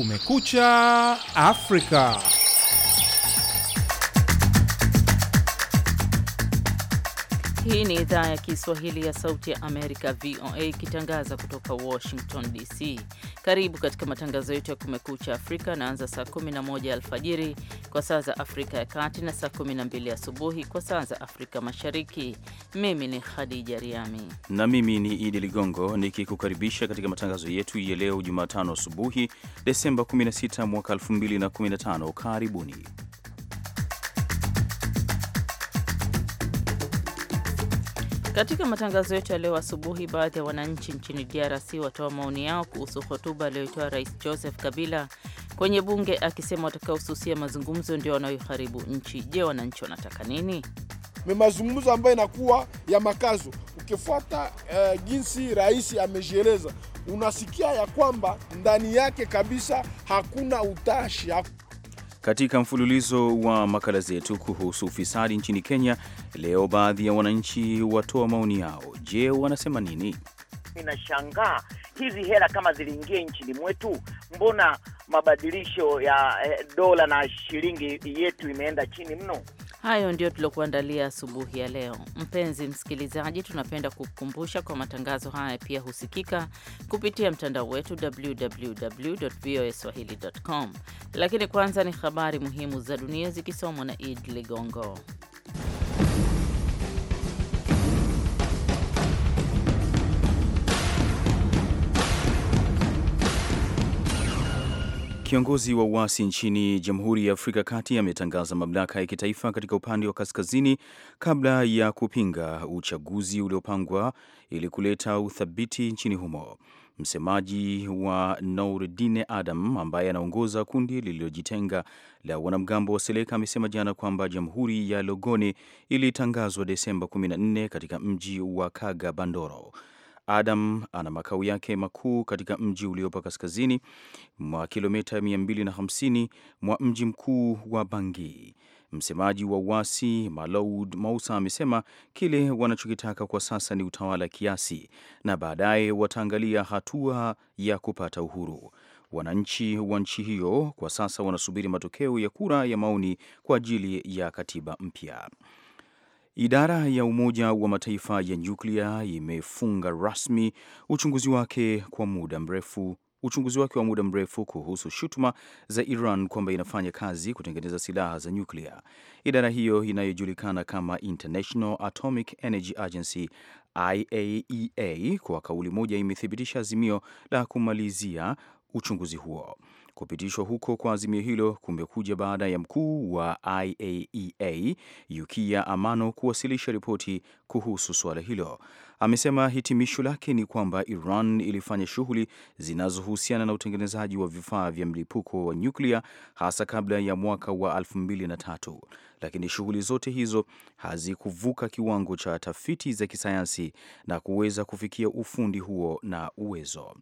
Kumekucha Afrika. Hii ni idhaa ya Kiswahili ya Sauti ya Amerika, VOA, ikitangaza kutoka Washington DC. Karibu katika matangazo yetu ya Kumekucha Afrika anaanza saa 11 alfajiri kwa saa za Afrika ya Kati na saa 12 asubuhi kwa saa za Afrika Mashariki. Mimi ni Khadija Riami na mimi ni Idi Ligongo nikikukaribisha katika matangazo yetu ya leo Jumatano asubuhi, Desemba 16 mwaka 2015. Karibuni. Katika matangazo yetu ya leo asubuhi, baadhi ya wananchi nchini DRC watoa maoni yao kuhusu hotuba aliyoitoa Rais Joseph Kabila kwenye bunge akisema watakaosusia mazungumzo ndio wanayoharibu nchi. Je, wananchi wanataka nini? Ni mazungumzo ambayo inakuwa ya makazo. Ukifuata uh, jinsi rais amejieleza, unasikia ya kwamba ndani yake kabisa hakuna utashi haku katika mfululizo wa makala zetu kuhusu ufisadi nchini Kenya. Leo baadhi ya wananchi watoa maoni yao. Je, wanasema nini? Ninashangaa hizi hela kama ziliingia nchini mwetu, mbona mabadilisho ya eh, dola na shilingi yetu imeenda chini mno? Hayo ndio tuliokuandalia asubuhi ya leo. Mpenzi msikilizaji, tunapenda kukukumbusha kwa matangazo haya pia husikika kupitia mtandao wetu www voa www.voaswahili.com. Lakini kwanza ni habari muhimu za dunia zikisomwa na Id Ligongo. Kiongozi wa uasi nchini Jamhuri ya Afrika Kati ametangaza mamlaka ya kitaifa katika upande wa kaskazini kabla ya kupinga uchaguzi uliopangwa ili kuleta uthabiti nchini humo. Msemaji wa nourdine Adam ambaye anaongoza kundi lililojitenga la wanamgambo wa Seleka amesema jana kwamba jamhuri ya logoni ilitangazwa Desemba 14 katika mji wa Kaga Bandoro Adam ana makao yake makuu katika mji uliopo kaskazini mwa kilomita 250 mwa mji mkuu wa Bangi. Msemaji wa uasi Malaud mausa amesema kile wanachokitaka kwa sasa ni utawala kiasi, na baadaye wataangalia hatua ya kupata uhuru. Wananchi wa nchi hiyo kwa sasa wanasubiri matokeo ya kura ya maoni kwa ajili ya katiba mpya. Idara ya Umoja wa Mataifa ya nyuklia imefunga rasmi uchunguzi wake kwa muda mrefu uchunguzi wake wa muda mrefu kuhusu shutuma za Iran kwamba inafanya kazi kutengeneza silaha za nyuklia. Idara hiyo inayojulikana kama International Atomic Energy Agency IAEA, e kwa kauli moja imethibitisha azimio la kumalizia uchunguzi huo. Kupitishwa huko kwa azimio hilo kumekuja baada ya mkuu wa IAEA e Yukiya Amano kuwasilisha ripoti kuhusu suala hilo. Amesema hitimisho lake ni kwamba Iran ilifanya shughuli zinazohusiana na utengenezaji wa vifaa vya mlipuko wa nyuklia hasa kabla ya mwaka wa 2003 lakini shughuli zote hizo hazikuvuka kiwango cha tafiti za kisayansi na kuweza kufikia ufundi huo na uwezo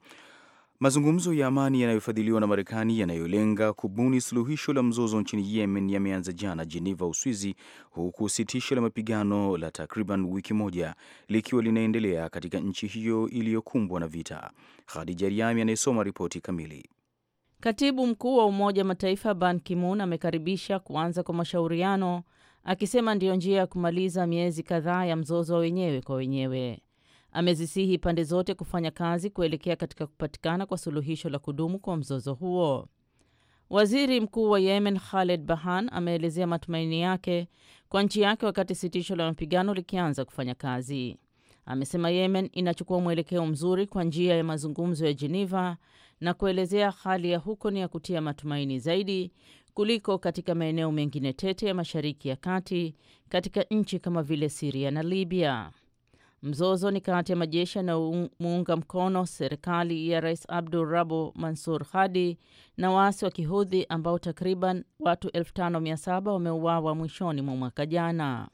Mazungumzo ya amani yanayofadhiliwa na Marekani yanayolenga kubuni suluhisho la mzozo nchini Yemen yameanza jana Jeneva, Uswizi, huku sitisho la mapigano la takriban wiki moja likiwa linaendelea katika nchi hiyo iliyokumbwa na vita. Khadija Riami anayesoma ripoti kamili. Katibu mkuu wa Umoja Mataifa Ban Ki-moon amekaribisha kuanza kwa mashauriano akisema ndiyo njia ya kumaliza miezi kadhaa ya mzozo wa wenyewe kwa wenyewe amezisihi pande zote kufanya kazi kuelekea katika kupatikana kwa suluhisho la kudumu kwa mzozo huo. Waziri Mkuu wa Yemen Khaled Bahan ameelezea matumaini yake kwa nchi yake wakati sitisho la mapigano likianza kufanya kazi. Amesema Yemen inachukua mwelekeo mzuri kwa njia ya mazungumzo ya Jeneva na kuelezea hali ya huko ni ya kutia matumaini zaidi kuliko katika maeneo mengine tete ya Mashariki ya Kati katika nchi kama vile Siria na Libya. Mzozo ni kati ya majeshi yanayomuunga mkono serikali ya Rais Abdul Rabu Mansur Hadi na waasi wa Kihudhi ambao takriban watu 57 wameuawa mwishoni mwa mwaka jana.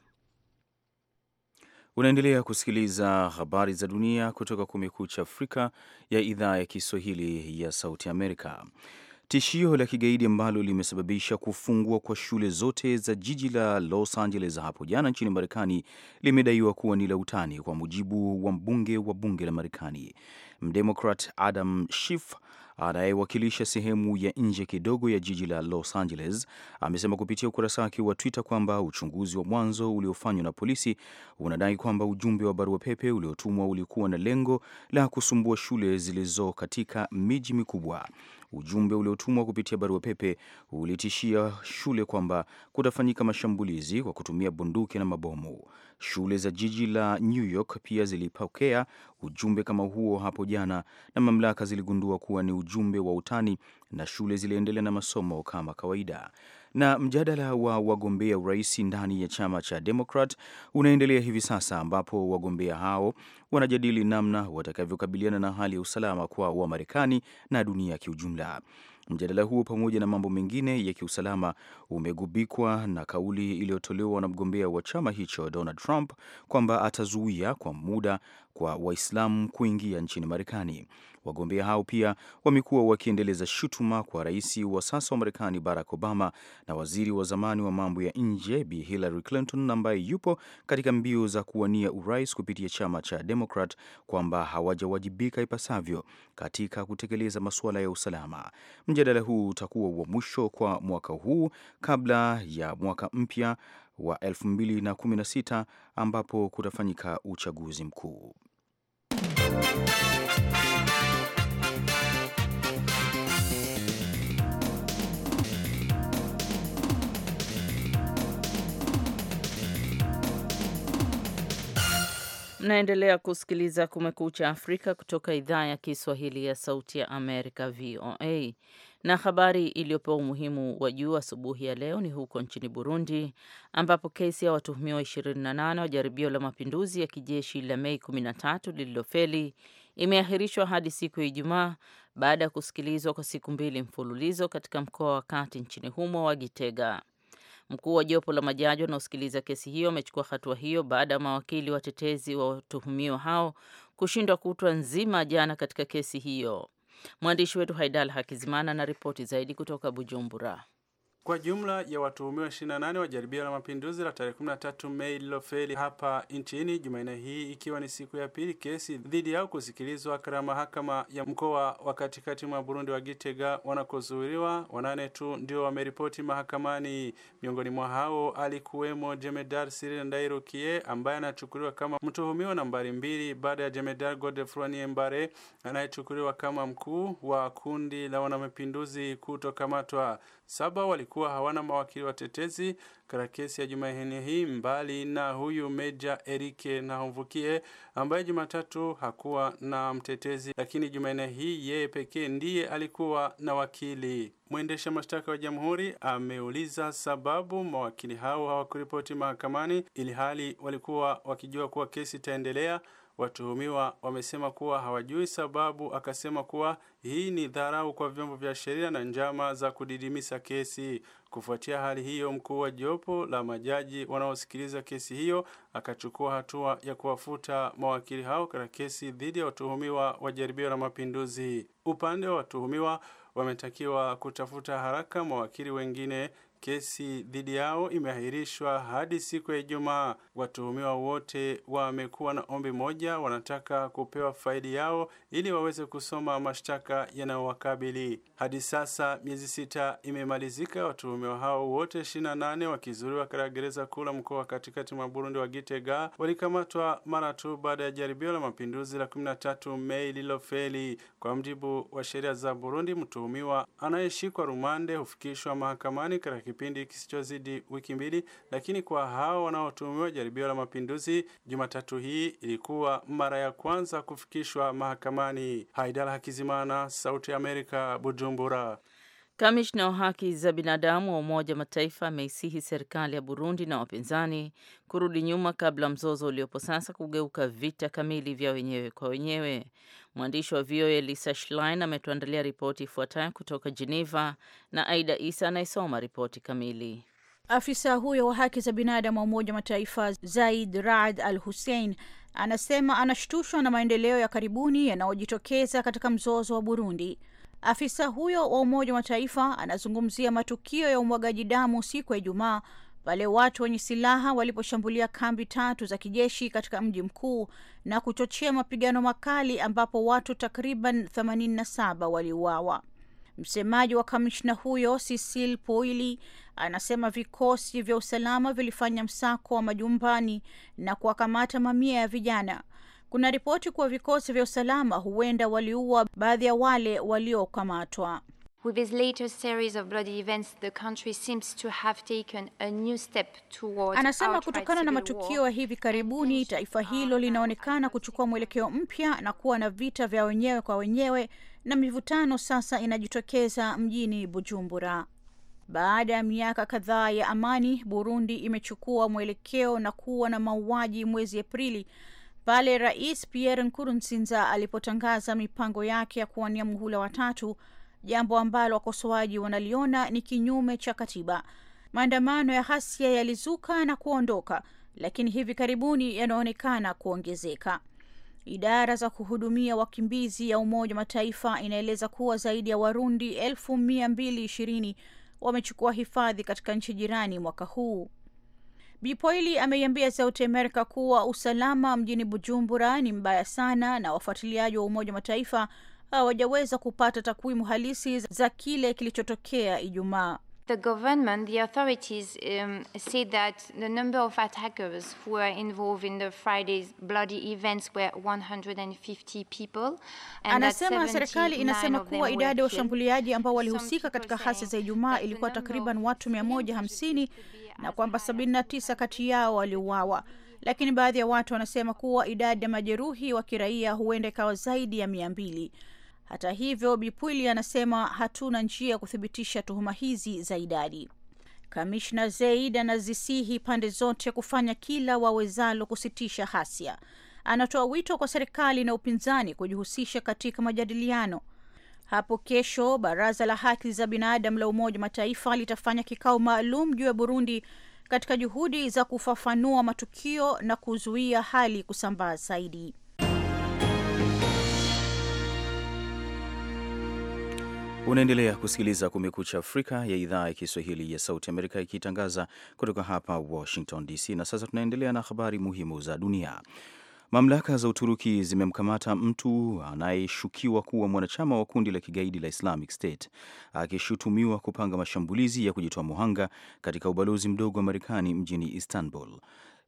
Unaendelea kusikiliza habari za dunia kutoka Kumekucha Afrika ya idhaa ya Kiswahili ya Sauti Amerika tishio la kigaidi ambalo limesababisha kufungwa kwa shule zote za jiji la Los Angeles hapo jana nchini Marekani limedaiwa kuwa ni la utani, kwa mujibu wa mbunge wa bunge la Marekani Mdemokrat Adam Schiff anayewakilisha sehemu ya nje kidogo ya jiji la Los Angeles amesema kupitia ukurasa wake wa Twitter kwamba uchunguzi wa mwanzo uliofanywa na polisi unadai kwamba ujumbe wa barua pepe uliotumwa ulikuwa na lengo la kusumbua shule zilizo katika miji mikubwa. Ujumbe uliotumwa kupitia barua pepe ulitishia shule kwamba kutafanyika mashambulizi kwa kutumia bunduki na mabomu. Shule za jiji la New York pia zilipokea ujumbe kama huo hapo jana, na mamlaka ziligundua kuwa ni ujumbe wa utani, na shule ziliendelea na masomo kama kawaida na mjadala wa wagombea urais ndani ya chama cha Demokrat unaendelea hivi sasa, ambapo wagombea hao wanajadili namna watakavyokabiliana na hali ya usalama kwa Wamarekani na dunia kiujumla. Mjadala huo pamoja na mambo mengine ya kiusalama umegubikwa na kauli iliyotolewa na mgombea wa chama hicho Donald Trump kwamba atazuia kwa muda kwa Waislamu kuingia nchini Marekani. Wagombea hao pia wamekuwa wakiendeleza shutuma kwa rais wa sasa wa Marekani Barack Obama na waziri wa zamani wa mambo ya nje Bi Hillary Clinton ambaye yupo katika mbio za kuwania urais kupitia chama cha Demokrat kwamba hawajawajibika ipasavyo katika kutekeleza masuala ya usalama. Mjadala huu utakuwa wa mwisho kwa mwaka huu kabla ya mwaka mpya wa 2016 ambapo kutafanyika uchaguzi mkuu. Mnaendelea kusikiliza Kumekucha Afrika kutoka idhaa ya Kiswahili ya Sauti ya Amerika, VOA. Na habari iliyopewa umuhimu wa juu asubuhi ya leo ni huko nchini Burundi, ambapo kesi ya watuhumiwa 28 wa jaribio la mapinduzi ya kijeshi la Mei 13 lililofeli imeahirishwa hadi siku ya Ijumaa baada ya kusikilizwa kwa siku mbili mfululizo katika mkoa wa kati nchini humo wa Gitega. Mkuu wa jopo la majaji wanaosikiliza kesi hiyo amechukua hatua hiyo baada ya mawakili watetezi wa watuhumiwa hao kushindwa kutwa nzima jana katika kesi hiyo. Mwandishi wetu Haidal Hakizimana na ripoti zaidi kutoka Bujumbura. Kwa jumla ya watuhumiwa 28 wa jaribio la mapinduzi la tarehe 13 Mei lilofeli hapa nchini, Jumanne hii ikiwa ni siku ya pili kesi dhidi yao kusikilizwa katika mahakama ya mkoa wa katikati mwa Burundi wa Gitega, wanakozuiliwa wanane tu ndio wameripoti mahakamani. Miongoni mwa hao alikuwemo Jemedar Cyril Ndairukiye ambaye anachukuliwa kama mtuhumiwa nambari mbili baada ya Jemedar Godefroid Niyombare anayechukuliwa kama mkuu wa kundi la wanamapinduzi kutokamatwa saba walikuwa hawana mawakili watetezi katika kesi ya Jumanne hii, mbali na huyu Meja Erike Nahomvukie ambaye Jumatatu hakuwa na mtetezi, lakini Jumanne hii yeye pekee ndiye alikuwa na wakili. Mwendesha mashtaka wa jamhuri ameuliza sababu mawakili hao hawakuripoti mahakamani, ili hali walikuwa wakijua kuwa kesi itaendelea. Watuhumiwa wamesema kuwa hawajui sababu. Akasema kuwa hii ni dharau kwa vyombo vya sheria na njama za kudidimisa kesi. Kufuatia hali hiyo, mkuu wa jopo la majaji wanaosikiliza kesi hiyo akachukua hatua ya kuwafuta mawakili hao katika kesi dhidi ya watuhumiwa wa jaribio la mapinduzi. Upande wa watuhumiwa wametakiwa kutafuta haraka mawakili wengine Kesi dhidi yao imeahirishwa hadi siku ya Ijumaa. Watuhumiwa wote wamekuwa na ombi moja, wanataka kupewa faidi yao ili waweze kusoma mashtaka yanayowakabili. Hadi sasa miezi sita imemalizika, watuhumiwa hao wote 28 wakizuriwa katika gereza kuu la mkoa wa katikati mwa Burundi wa Gitega walikamatwa mara tu baada ya jaribio la mapinduzi la 13 Mei lililofeli. Kwa mjibu wa sheria za Burundi, mtuhumiwa anayeshikwa rumande hufikishwa mahakamani katika kipindi kisichozidi wiki mbili, lakini kwa hao wanaotumiwa jaribio la mapinduzi, Jumatatu hii ilikuwa mara ya kwanza kufikishwa mahakamani. Haidala Hakizimana, Sauti ya Amerika, Bujumbura. Kamishna wa haki za binadamu wa Umoja wa Mataifa ameisihi serikali ya Burundi na wapinzani kurudi nyuma kabla mzozo uliopo sasa kugeuka vita kamili vya wenyewe kwa wenyewe. Mwandishi wa VOA Lisa Schlein ametuandalia ripoti ifuatayo kutoka Geneva na Aida Isa anayesoma ripoti kamili. Afisa huyo wa haki za binadamu wa Umoja wa Mataifa Zaid Raad Al Hussein anasema anashtushwa na maendeleo ya karibuni yanayojitokeza katika mzozo wa Burundi. Afisa huyo wa Umoja wa Mataifa anazungumzia matukio ya umwagaji damu siku ya Ijumaa pale watu wenye silaha waliposhambulia kambi tatu za kijeshi katika mji mkuu na kuchochea mapigano makali ambapo watu takriban 87 waliuawa. Msemaji wa kamishna huyo sisil Poili anasema vikosi vya usalama vilifanya msako wa majumbani na kuwakamata mamia ya vijana kuna ripoti kuwa vikosi vya usalama huenda waliua baadhi ya wale waliokamatwa. With this latest series of bloody events, the country seems to have taken a new step towards. Anasema kutokana na matukio ya hivi karibuni, taifa hilo linaonekana kuchukua mwelekeo mpya na kuwa na vita vya wenyewe kwa wenyewe na mivutano sasa inajitokeza mjini Bujumbura. Baada ya miaka kadhaa ya amani, Burundi imechukua mwelekeo na kuwa na mauaji mwezi Aprili pale Rais Pierre nkurunsinza alipotangaza mipango yake ya kuwania muhula watatu, jambo ambalo wakosoaji wanaliona ni kinyume cha katiba. Maandamano ya hasia yalizuka na kuondoka, lakini hivi karibuni yanaonekana kuongezeka. Idara za kuhudumia wakimbizi ya Umoja wa Mataifa inaeleza kuwa zaidi ya Warundi elfu mia mbili ishirini wamechukua hifadhi katika nchi jirani mwaka huu. Bipoili ameiambia Sauti ya Amerika kuwa usalama mjini Bujumbura ni mbaya sana na wafuatiliaji wa Umoja wa Mataifa hawajaweza kupata takwimu halisi za kile kilichotokea Ijumaa. The government, the authorities um, say that the number of attackers who were involved in the Friday's bloody events were 150 people. And anasema serikali inasema kuwa idadi ya washambuliaji ambao walihusika katika hasi za Ijumaa ilikuwa takriban watu 150 na kwamba 79 kati yao waliuawa, lakini baadhi ya watu wanasema kuwa idadi ya majeruhi wa kiraia huenda ikawa zaidi ya mia mbili. Hata hivyo, Bipwili anasema hatuna njia ya kuthibitisha tuhuma hizi za idadi. Kamishna Zaid anazisihi pande zote kufanya kila wawezalo kusitisha hasia. Anatoa wito kwa serikali na upinzani kujihusisha katika majadiliano hapo kesho baraza la haki za binadamu la Umoja wa Mataifa litafanya kikao maalum juu ya Burundi katika juhudi za kufafanua matukio na kuzuia hali kusambaa zaidi. Unaendelea kusikiliza Kumekucha Afrika ya idhaa ya Kiswahili ya Sauti Amerika ikitangaza kutoka hapa Washington DC. Na sasa tunaendelea na habari muhimu za dunia. Mamlaka za Uturuki zimemkamata mtu anayeshukiwa kuwa mwanachama wa kundi la kigaidi la Islamic State akishutumiwa kupanga mashambulizi ya kujitoa muhanga katika ubalozi mdogo wa Marekani mjini Istanbul.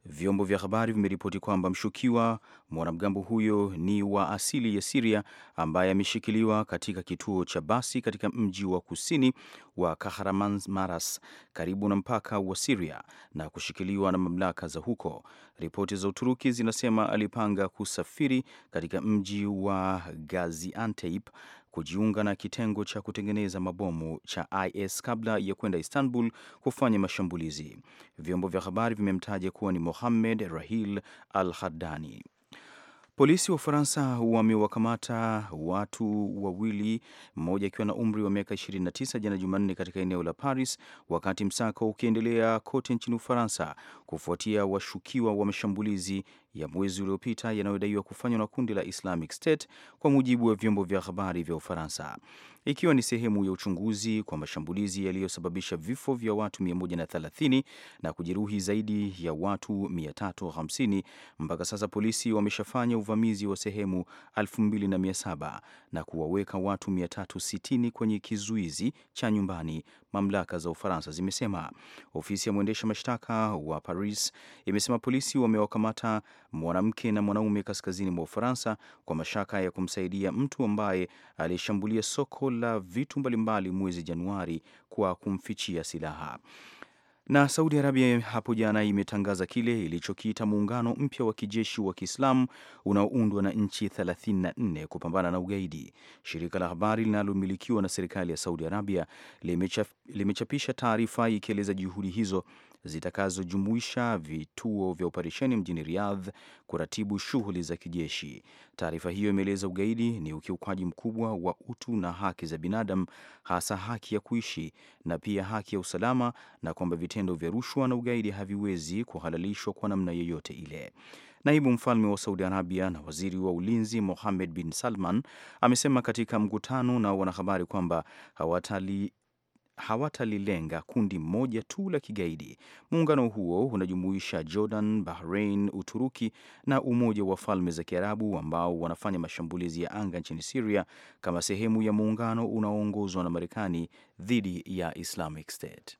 Vyombo vya habari vimeripoti kwamba mshukiwa mwanamgambo huyo ni wa asili ya Siria ambaye ameshikiliwa katika kituo cha basi katika mji wa kusini wa Kahramanmaras karibu na mpaka wa Siria na kushikiliwa na mamlaka za huko. Ripoti za Uturuki zinasema alipanga kusafiri katika mji wa Gaziantep kujiunga na kitengo cha kutengeneza mabomu cha IS kabla ya kwenda Istanbul kufanya mashambulizi. Vyombo vya habari vimemtaja kuwa ni Mohammed Rahil Al-Haddani. Polisi wa Ufaransa wamewakamata watu wawili, mmoja akiwa na umri wa miaka 29 jana Jumanne katika eneo la Paris, wakati msako ukiendelea kote nchini Ufaransa kufuatia washukiwa wa mashambulizi ya mwezi uliopita yanayodaiwa kufanywa na kundi la Islamic State kwa mujibu wa vyombo vya habari vya Ufaransa, ikiwa ni sehemu ya uchunguzi kwa mashambulizi yaliyosababisha vifo vya watu 130 na kujeruhi zaidi ya watu 350. Mpaka sasa polisi wameshafanya uvamizi wa sehemu 2700 na kuwaweka watu 360 kwenye kizuizi cha nyumbani, mamlaka za Ufaransa zimesema. Ofisi ya mwendesha mashtaka wa Paris imesema polisi wamewakamata mwanamke na mwanaume kaskazini mwa Ufaransa kwa mashaka ya kumsaidia mtu ambaye alishambulia soko la vitu mbalimbali mwezi Januari kwa kumfichia silaha. Na Saudi Arabia hapo jana imetangaza kile ilichokiita muungano mpya wa kijeshi wa Kiislamu unaoundwa na nchi 34 kupambana na ugaidi. Shirika la habari linalomilikiwa na serikali ya Saudi Arabia limechapisha taarifa ikieleza juhudi hizo zitakazojumuisha vituo vya operesheni mjini Riyadh kuratibu shughuli za kijeshi. Taarifa hiyo imeeleza ugaidi ni ukiukwaji mkubwa wa utu na haki za binadamu, hasa haki ya kuishi na pia haki ya usalama, na kwamba vitendo vya rushwa na ugaidi haviwezi kuhalalishwa kwa namna yoyote ile. Naibu mfalme wa Saudi Arabia na waziri wa ulinzi Mohammed bin Salman amesema katika mkutano na wanahabari kwamba hawatali hawatalilenga kundi moja tu la kigaidi. Muungano huo unajumuisha Jordan, Bahrain, Uturuki na Umoja wa Falme za Kiarabu ambao wanafanya mashambulizi ya anga nchini Siria kama sehemu ya muungano unaoongozwa na Marekani dhidi ya Islamic State.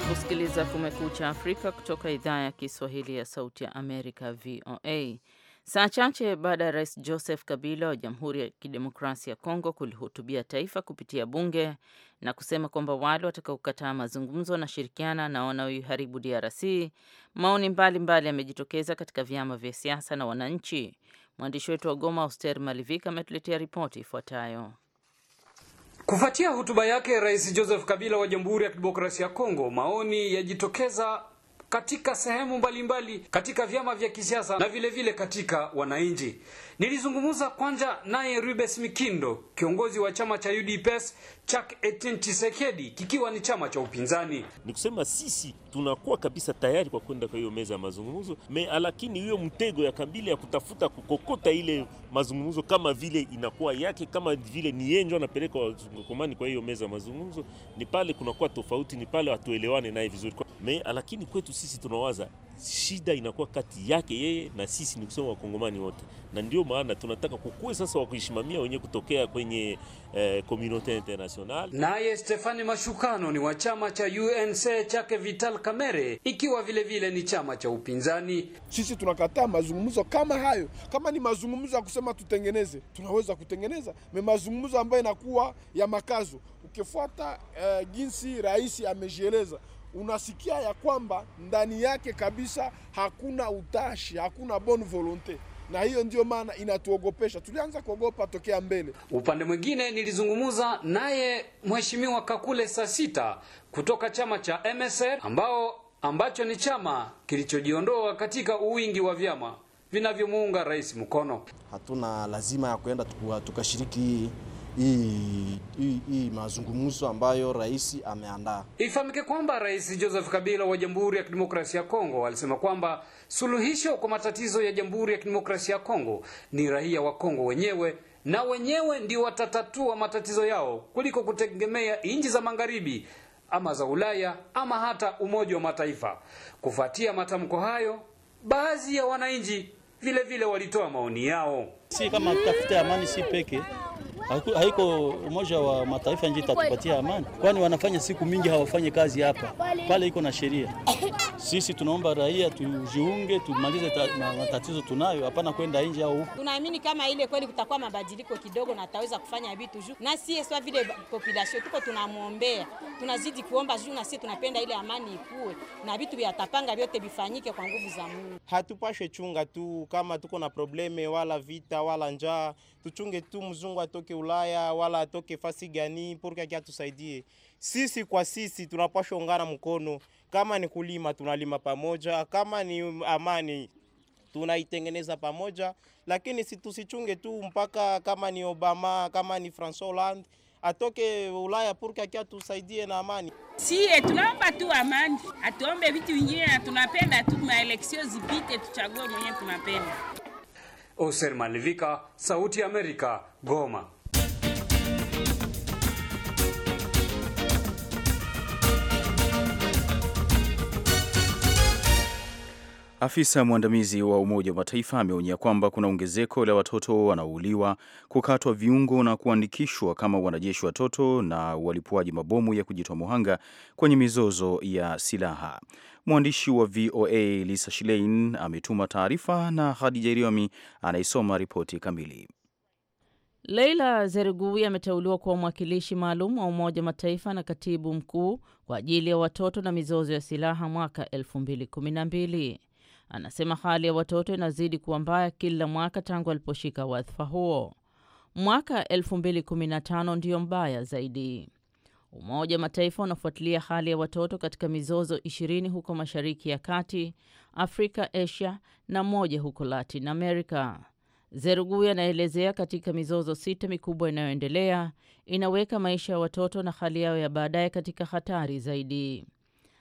Unaendelea kusikiliza Kumekucha Afrika kutoka idhaa ya Kiswahili ya Sauti ya Amerika, VOA. Saa chache baada ya Rais Joseph Kabila wa Jamhuri ya Kidemokrasia ya Kongo kulihutubia taifa kupitia bunge na kusema kwamba wale watakaokataa mazungumzo wanashirikiana na wanaoiharibu DRC, maoni mbalimbali yamejitokeza katika vyama vya siasa na wananchi. Mwandishi wetu wa Goma, Auster Malivika, ametuletea ripoti ifuatayo. Kufuatia hotuba yake Rais Joseph Kabila wa Jamhuri ya Kidemokrasia ya Kongo, maoni yajitokeza katika sehemu mbalimbali mbali, katika vyama vya kisiasa na vilevile vile katika wananchi. Nilizungumza kwanza naye Rubes Mikindo, kiongozi wa chama cha UDPS chak Etienne Tshisekedi, kikiwa ni chama cha upinzani. Ni kusema sisi tunakuwa kabisa tayari kwa kwenda kwa hiyo meza ya mazungumzo me, lakini hiyo mtego ya Kabila ya kutafuta kukokota ile mazungumzo kama vile inakuwa yake, kama vile ni yeye ndio anapeleka wazungumani kwa hiyo meza mazungumzo, ni pale kunakuwa tofauti, ni pale hatuelewane naye vizuri. Me, lakini kwetu sisi tunawaza shida inakuwa kati yake yeye na sisi, ni kusema wakongomani wote, na ndio maana tunataka kukue sasa wakuishimamia wenye kutokea kwenye eh, community international. Naye Stefani Mashukano ni wa chama cha UNC chake Vital Kamere, ikiwa vile vile ni chama cha upinzani. Sisi tunakataa mazungumzo kama hayo. Kama ni mazungumzo ya kusema tutengeneze, tunaweza kutengeneza me mazungumzo ambayo inakuwa ya makazo ukifuata uh, jinsi rais amejieleza unasikia ya kwamba ndani yake kabisa hakuna utashi, hakuna bon volonte, na hiyo ndiyo maana inatuogopesha. Tulianza kuogopa tokea mbele. Upande mwingine, nilizungumza naye mheshimiwa Kakule Sasita kutoka chama cha MSR ambao ambacho ni chama kilichojiondoa katika uwingi wa vyama vinavyomuunga rais mkono. Hatuna lazima ya kuenda tukashiriki hii mazungumzo ambayo rais ameandaa. Ifahamike kwamba Rais Joseph Kabila wa Jamhuri ya Kidemokrasia ya Kongo alisema kwamba suluhisho kwa matatizo ya Jamhuri ya Kidemokrasia ya Kongo ni raia wa Kongo wenyewe na wenyewe ndio watatatua matatizo yao kuliko kutegemea nchi za magharibi ama za Ulaya ama hata Umoja wa Mataifa. Kufuatia matamko hayo, baadhi ya wananchi vile vile walitoa maoni yao. Si kama tutafuta amani si peke haiko Umoja wa Mataifa nje itatupatia amani, kwani wanafanya siku mingi hawafanye kazi hapa pale, iko na sheria. Sisi tunaomba raia tujiunge, tumalize matatizo tunayo, hapana kwenda nje au huko. Tunaamini kama ile kweli kutakuwa mabadiliko kidogo, na ataweza kufanya vitu juu, na si sio vile population tuko tunamwombea, tunazidi kuomba juu, na sisi tunapenda ile amani ikue na vitu vyatapanga vyote vifanyike kwa nguvu za Mungu. Hatupashe chunga tu kama tuko na probleme wala vita wala njaa, tuchunge tu mzungu atoke atoke Ulaya wala atoke fasi gani, porque aki atusaidie sisi kwa sisi. Tunapasha ungana mkono, kama ni kulima tunalima pamoja, kama ni amani tunaitengeneza pamoja, lakini si tusichunge tu mpaka kama ni Obama kama ni Francois Hollande atoke Ulaya porque aki atusaidie na amani. Sie eh, tunaomba tu amani, atuombe vitu vingine, na tunapenda tu maeleksio zipite, tuchague mwenye tunapenda. Oser Malivika, Sauti ya Amerika, Goma. Afisa mwandamizi wa Umoja wa Mataifa ameonya kwamba kuna ongezeko la watoto wanaouliwa, kukatwa viungo na kuandikishwa kama wanajeshi watoto na walipuaji mabomu ya kujitoa muhanga kwenye mizozo ya silaha. Mwandishi wa VOA Lisa shlein ametuma taarifa na Hadija Riami anaisoma ripoti kamili. Leila Zerigui ameteuliwa kuwa mwakilishi maalum wa Umoja wa Mataifa na katibu mkuu kwa ajili ya watoto na mizozo ya silaha mwaka 2012. Anasema hali ya watoto inazidi kuwa mbaya kila mwaka tangu aliposhika wadhifa huo. Mwaka 2015 ndiyo mbaya zaidi. Umoja wa Mataifa unafuatilia hali ya watoto katika mizozo 20 huko Mashariki ya Kati, Afrika, Asia na moja huko Latin America. Zerugui anaelezea katika mizozo sita mikubwa inayoendelea inaweka maisha ya watoto na hali yao ya baadaye katika hatari zaidi.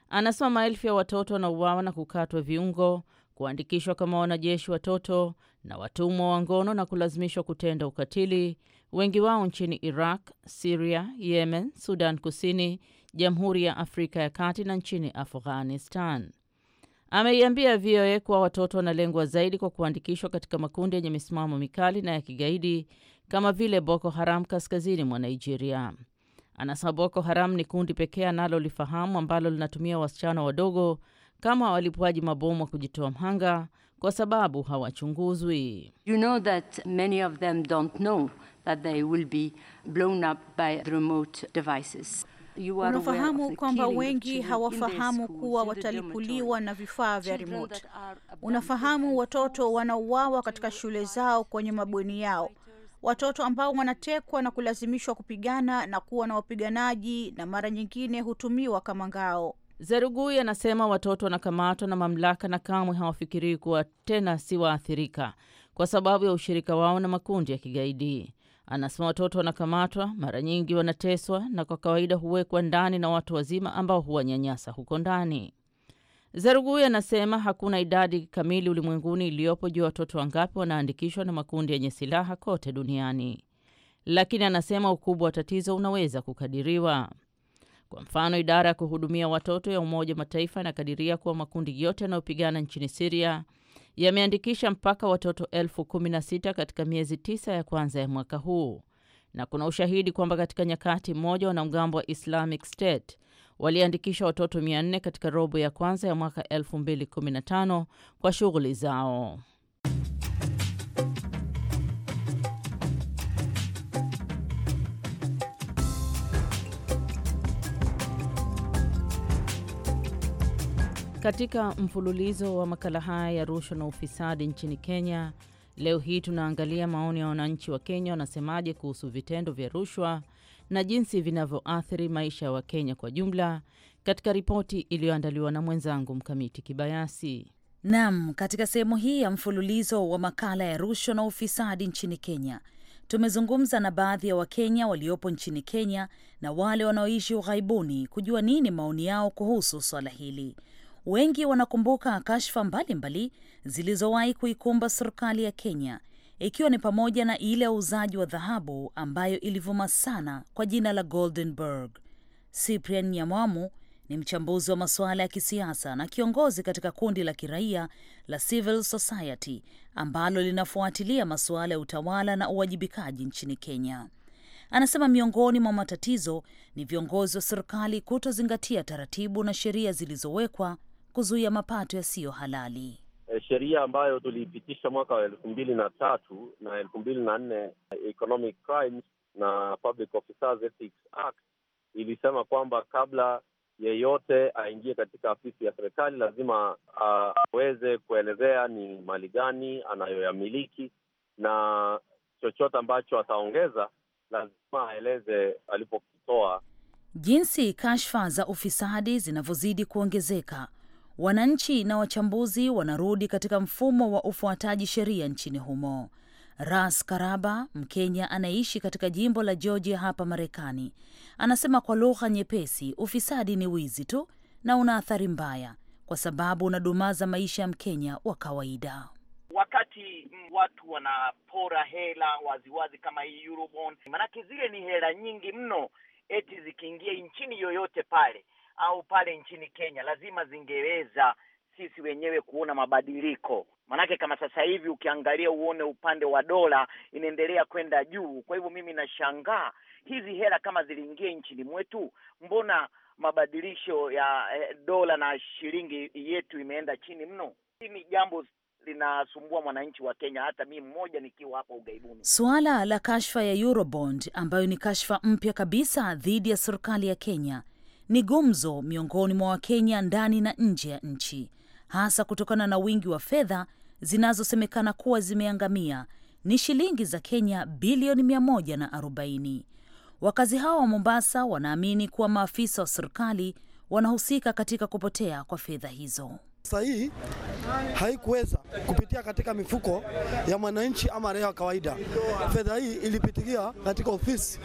Anasema maelfu ya watoto wanauawa na kukatwa viungo kuandikishwa kama wanajeshi watoto na watumwa wa ngono na kulazimishwa kutenda ukatili, wengi wao nchini Iraq, Siria, Yemen, Sudan Kusini, Jamhuri ya Afrika ya Kati na nchini Afghanistan. Ameiambia VOA kuwa watoto wanalengwa zaidi kwa kuandikishwa katika makundi yenye misimamo mikali na ya kigaidi kama vile Boko Haram kaskazini mwa Nigeria. Anasema Boko Haram ni kundi pekee analolifahamu ambalo linatumia wasichana wadogo kama walipwaji mabomu wa kujitoa mhanga kwa sababu hawachunguzwi. You know that many of them don't know that they will be blown up by remote devices. Unafahamu kwamba wengi hawafahamu kuwa watalipuliwa na vifaa vya remote. Unafahamu watoto wanauawa katika shule zao, kwenye mabweni yao, watoto ambao wanatekwa na kulazimishwa kupigana na kuwa na wapiganaji, na mara nyingine hutumiwa kama ngao. Zerugui anasema watoto wanakamatwa na mamlaka na kamwe hawafikirii kuwa tena si waathirika kwa sababu ya ushirika wao na makundi ya kigaidi. Anasema watoto wanakamatwa, mara nyingi wanateswa na kwa kawaida huwekwa ndani na watu wazima ambao huwanyanyasa huko ndani. Zerugui anasema hakuna idadi kamili ulimwenguni iliyopo juu ya watoto wangapi wanaandikishwa na makundi yenye silaha kote duniani, lakini anasema ukubwa wa tatizo unaweza kukadiriwa. Kwa mfano, idara ya kuhudumia watoto ya Umoja wa Mataifa inakadiria kuwa makundi yote yanayopigana nchini Siria yameandikisha mpaka watoto elfu kumi na sita katika miezi tisa ya kwanza ya mwaka huu, na kuna ushahidi kwamba katika nyakati mmoja wanamgambo wa Islamic State waliandikisha watoto 400 katika robo ya kwanza ya mwaka 2015 kwa shughuli zao. Katika mfululizo wa makala haya ya rushwa na ufisadi nchini Kenya, leo hii tunaangalia maoni ya wananchi wa Kenya wanasemaje kuhusu vitendo vya rushwa na jinsi vinavyoathiri maisha ya Wakenya kwa jumla, katika ripoti iliyoandaliwa na mwenzangu Mkamiti Kibayasi. Naam, katika sehemu hii ya mfululizo wa makala ya rushwa na ufisadi nchini Kenya tumezungumza na baadhi ya Wakenya waliopo nchini Kenya na wale wanaoishi ughaibuni kujua nini maoni yao kuhusu swala hili. Wengi wanakumbuka kashfa mbalimbali zilizowahi kuikumba serikali ya Kenya, ikiwa ni pamoja na ile ya uuzaji wa dhahabu ambayo ilivuma sana kwa jina la Goldenberg. Cyprian Nyamwamu ni mchambuzi wa masuala ya kisiasa na kiongozi katika kundi la kiraia la Civil Society ambalo linafuatilia masuala ya utawala na uwajibikaji nchini Kenya. Anasema miongoni mwa matatizo ni viongozi wa serikali kutozingatia taratibu na sheria zilizowekwa kuzuia mapato yasiyo halali. E, sheria ambayo tuliipitisha mwaka wa elfu mbili na tatu na elfu mbili na nne Economic Crimes na Public Officers Ethics Act ilisema kwamba kabla yeyote aingie katika afisi ya serikali lazima aweze kuelezea ni mali gani anayoyamiliki na chochote ambacho ataongeza lazima aeleze alipokitoa. Jinsi kashfa za ufisadi zinavyozidi kuongezeka Wananchi na wachambuzi wanarudi katika mfumo wa ufuataji sheria nchini humo. Ras Karaba, Mkenya anayeishi katika jimbo la Georgia hapa Marekani, anasema kwa lugha nyepesi, ufisadi ni wizi tu na una athari mbaya, kwa sababu unadumaza maisha ya Mkenya wa kawaida. Wakati watu wanapora hela waziwazi wazi kama hii Eurobond, manake zile ni hela nyingi mno, eti zikiingia nchini yoyote pale au pale nchini Kenya, lazima zingeweza sisi wenyewe kuona mabadiliko. Maanake kama sasa hivi ukiangalia uone upande wa dola inaendelea kwenda juu. Kwa hivyo mimi nashangaa hizi hela kama ziliingia nchini mwetu, mbona mabadilisho ya eh, dola na shilingi yetu imeenda chini mno? Hii ni jambo linasumbua mwananchi wa Kenya, hata mimi mmoja nikiwa hapa ugaibuni. Suala la kashfa ya Eurobond ambayo ni kashfa mpya kabisa dhidi ya serikali ya Kenya ni gumzo miongoni mwa Wakenya ndani na nje ya nchi, hasa kutokana na wingi wa fedha zinazosemekana kuwa zimeangamia ni shilingi za Kenya bilioni 140. Wakazi hao wa Mombasa wanaamini kuwa maafisa wa serikali wanahusika katika kupotea kwa fedha hizo sahihi haikuweza kupitia katika mifuko ya mwananchi ama raia wa kawaida. Fedha hii ilipitikia katika ofisi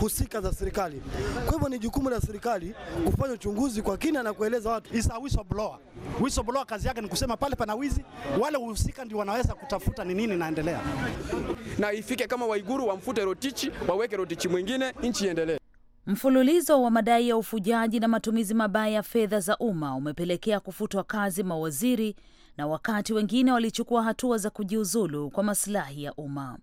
husika za serikali. Kwa hivyo ni jukumu la serikali kufanya uchunguzi kwa kina na kueleza watu. Isa whistleblower. Whistleblower kazi yake ni kusema pale pana wizi, wale wahusika ndio wanaweza kutafuta ni nini naendelea na ifike kama Waiguru wamfute rotichi waweke rotichi mwingine, nchi iendelee. Mfululizo wa madai ya ufujaji na matumizi mabaya ya fedha za umma umepelekea kufutwa kazi mawaziri na wakati wengine walichukua hatua za kujiuzulu kwa masilahi ya umma.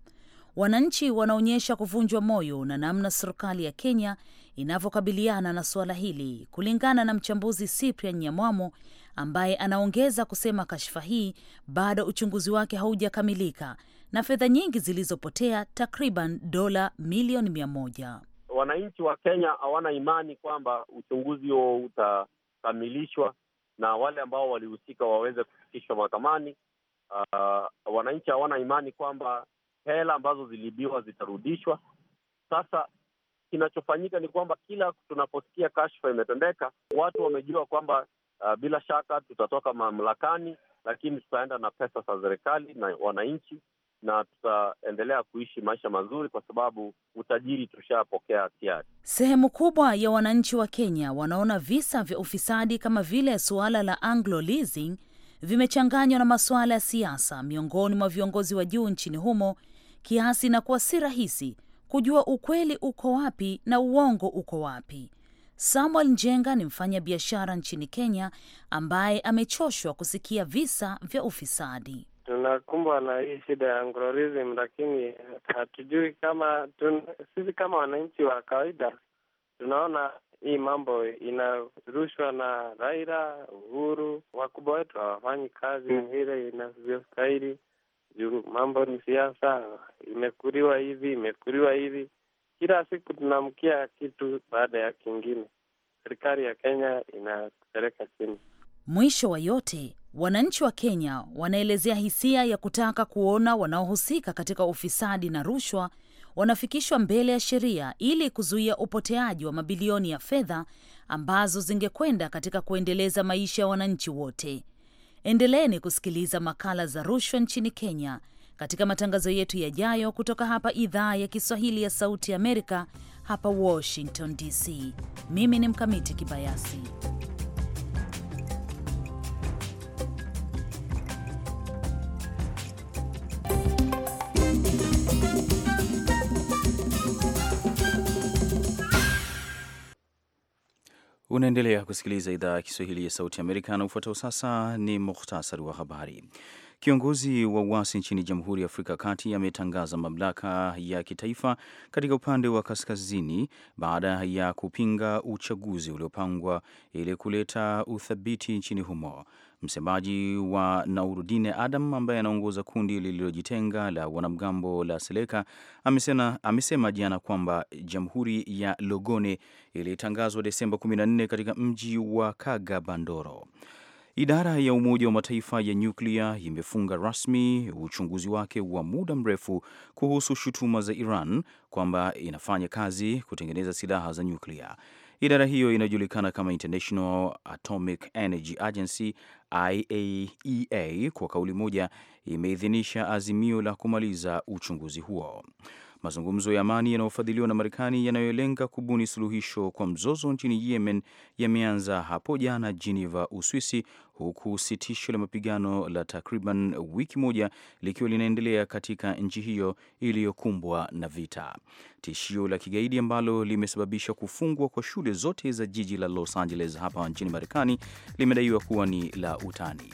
Wananchi wanaonyesha kuvunjwa moyo na namna serikali ya Kenya inavyokabiliana na suala hili, kulingana na mchambuzi Cyprian Nyamwamo ambaye anaongeza kusema kashfa hii bado uchunguzi wake haujakamilika na fedha nyingi zilizopotea takriban dola milioni mia moja wananchi wa Kenya hawana imani kwamba uchunguzi huo utakamilishwa na wale ambao walihusika waweze kufikishwa mahakamani. Uh, wananchi hawana imani kwamba hela ambazo ziliibiwa zitarudishwa. Sasa kinachofanyika ni kwamba kila tunaposikia kashfa imetendeka, watu wamejua kwamba uh, bila shaka tutatoka mamlakani, lakini tutaenda na pesa za serikali na wananchi na tutaendelea kuishi maisha mazuri kwa sababu utajiri tushapokea kiasi. Sehemu kubwa ya wananchi wa Kenya wanaona visa vya ufisadi kama vile suala la Anglo Leasing vimechanganywa na masuala ya siasa miongoni mwa viongozi wa juu nchini humo, kiasi na kuwa si rahisi kujua ukweli uko wapi na uongo uko wapi. Samuel Njenga ni mfanya biashara nchini Kenya ambaye amechoshwa kusikia visa vya ufisadi tunakumbwa na hii shida ya nglorism, lakini hatujui kama tun, sisi kama wananchi wa kawaida tunaona hii mambo inarushwa na Raila, Uhuru. Wakubwa wetu hawafanyi kazi vile inavyostahili, juu mambo ni siasa. Imekuliwa hivi, imekuliwa hivi, kila siku tunamkia kitu baada ya kingine. Serikali ya Kenya inatupeleka chini. Mwisho wa yote, wananchi wa Kenya wanaelezea hisia ya kutaka kuona wanaohusika katika ufisadi na rushwa wanafikishwa mbele ya sheria ili kuzuia upoteaji wa mabilioni ya fedha ambazo zingekwenda katika kuendeleza maisha ya wananchi wote. Endeleeni kusikiliza makala za rushwa nchini Kenya katika matangazo yetu yajayo kutoka hapa idhaa ya Kiswahili ya Sauti Amerika, hapa Washington DC. Mimi ni Mkamiti Kibayasi. Unaendelea kusikiliza idhaa ya Kiswahili ya Sauti Amerika, na ufuatao sasa ni muhtasari wa habari. Kiongozi wa uasi nchini Jamhuri ya Afrika ya Kati ametangaza mamlaka ya kitaifa katika upande wa kaskazini baada ya kupinga uchaguzi uliopangwa ili kuleta uthabiti nchini humo. Msemaji wa Naurudine Adam ambaye anaongoza kundi lililojitenga la wanamgambo la Seleka amesema, amesema jana kwamba jamhuri ya Logone ilitangazwa Desemba 14 katika mji wa Kagabandoro. Idara ya Umoja wa Mataifa ya nyuklia imefunga rasmi uchunguzi wake wa muda mrefu kuhusu shutuma za Iran kwamba inafanya kazi kutengeneza silaha za nyuklia. Idara hiyo inajulikana kama International Atomic Energy Agency, IAEA, e kwa kauli moja imeidhinisha azimio la kumaliza uchunguzi huo. Mazungumzo ya amani yanayofadhiliwa na Marekani yanayolenga kubuni suluhisho kwa mzozo nchini Yemen yameanza hapo jana Geneva, Uswisi, huku sitisho la mapigano la takriban wiki moja likiwa linaendelea katika nchi hiyo iliyokumbwa na vita. Tishio la kigaidi ambalo limesababisha kufungwa kwa shule zote za jiji la Los Angeles hapa nchini Marekani limedaiwa kuwa ni la utani.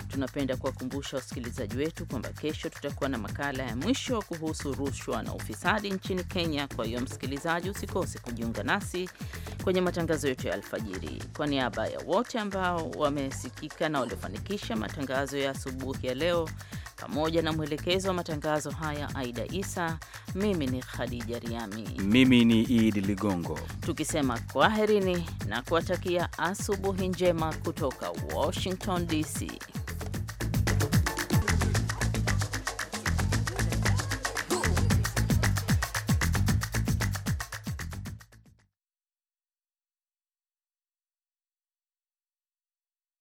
Tunapenda kuwakumbusha wasikilizaji wetu kwamba kesho tutakuwa na makala ya mwisho kuhusu rushwa na ufisadi nchini Kenya. Kwa hiyo, msikilizaji, usikose kujiunga nasi kwenye matangazo yetu ya alfajiri. Kwa niaba ya wote ambao wamesikika na waliofanikisha matangazo ya asubuhi ya leo, pamoja na mwelekezo wa matangazo haya Aida Isa, mimi ni Khadija Riami, mimi ni Idi Ligongo, tukisema kwaherini na kuwatakia asubuhi njema kutoka Washington DC.